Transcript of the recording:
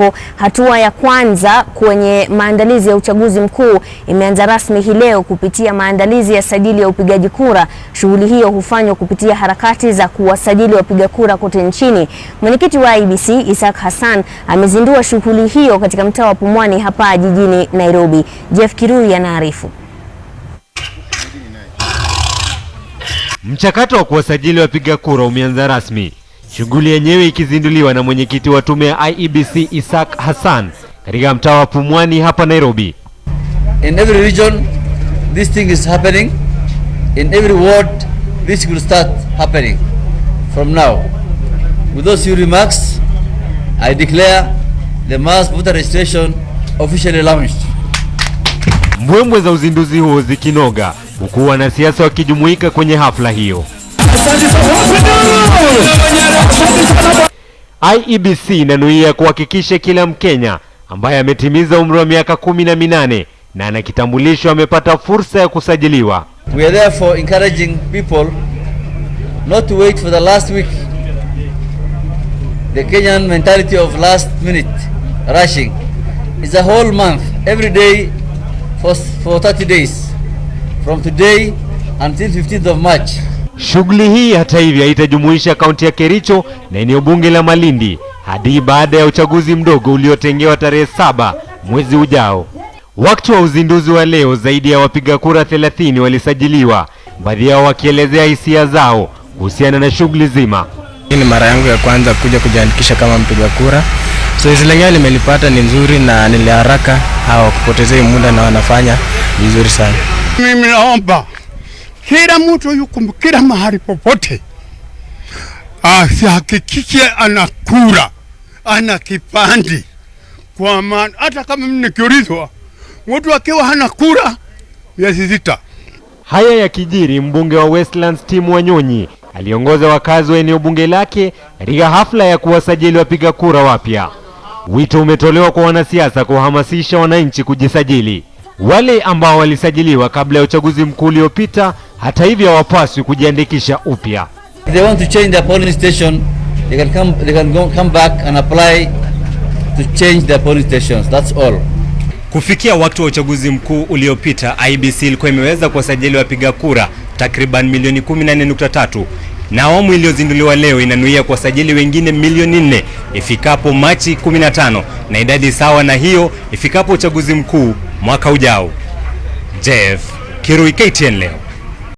ambako hatua ya kwanza kwenye maandalizi ya uchaguzi mkuu imeanza rasmi hii leo kupitia maandalizi ya sajili ya upigaji kura. Shughuli hiyo hufanywa kupitia harakati za kuwasajili wapiga kura kote nchini. Mwenyekiti wa IEBC Isaac Hassan amezindua shughuli hiyo katika mtaa wa Pumwani hapa jijini Nairobi. Jeff Kirui anaarifu. Mchakato wa kuwasajili wapiga kura umeanza rasmi Shughuli yenyewe ikizinduliwa na mwenyekiti wa tume ya IEBC Isaac Hassan katika mtaa wa Pumwani hapa Nairobi. In every region this thing is happening. In every ward this will start happening from now. With those few remarks, I declare the mass voter registration officially launched. Mbwembwe za uzinduzi huo zikinoga huku wanasiasa wakijumuika kwenye hafla hiyo. IEBC inanuia kuhakikisha kila Mkenya ambaye ametimiza umri wa miaka kumi na minane na ana kitambulisho amepata fursa ya kusajiliwa. We are therefore encouraging people not to wait for the last week. The Kenyan mentality of last minute rushing is a whole month every day for, for 30 days from today until 15th of March. Shughuli hii hata hivyo haitajumuisha kaunti ya Kericho na eneo bunge la Malindi hadi baada ya uchaguzi mdogo uliotengewa tarehe saba mwezi ujao. Wakati wa uzinduzi wa leo, zaidi ya wapiga kura 30 walisajiliwa, baadhi yao wakielezea hisia zao kuhusiana na shughuli zima. Hii ni mara yangu ya kwanza kuja kujiandikisha kama mpiga kura, zoezi so, lenyewe limelipata ni nzuri na niliharaka, hawakupotezei muda na wanafanya vizuri sana. Mimi naomba kila mtu yuko kila mahali popote, asihakikishe ah, kura ana kipande, kwa maana hata kama mnikiulizwa, mtu akiwa hana kura miezi sita. Haya kijiri mbunge wa Westlands Tim Wanyonyi aliongoza wakazi wa eneo bunge lake katika hafla ya kuwasajili wapiga kura wapya. Wito umetolewa kwa wanasiasa kuwahamasisha wananchi kujisajili. Wale ambao walisajiliwa kabla ya uchaguzi mkuu uliopita, hata hivyo, hawapaswi kujiandikisha upya. Kufikia wakati wa uchaguzi mkuu uliopita, IEBC ilikuwa imeweza kuwasajili wapiga kura takriban milioni 143 na awamu iliyozinduliwa leo inanuia kuwasajili wengine milioni 4 ifikapo Machi 15 na idadi sawa na hiyo ifikapo uchaguzi mkuu mwaka ujao. JF Kirui, KTN leo.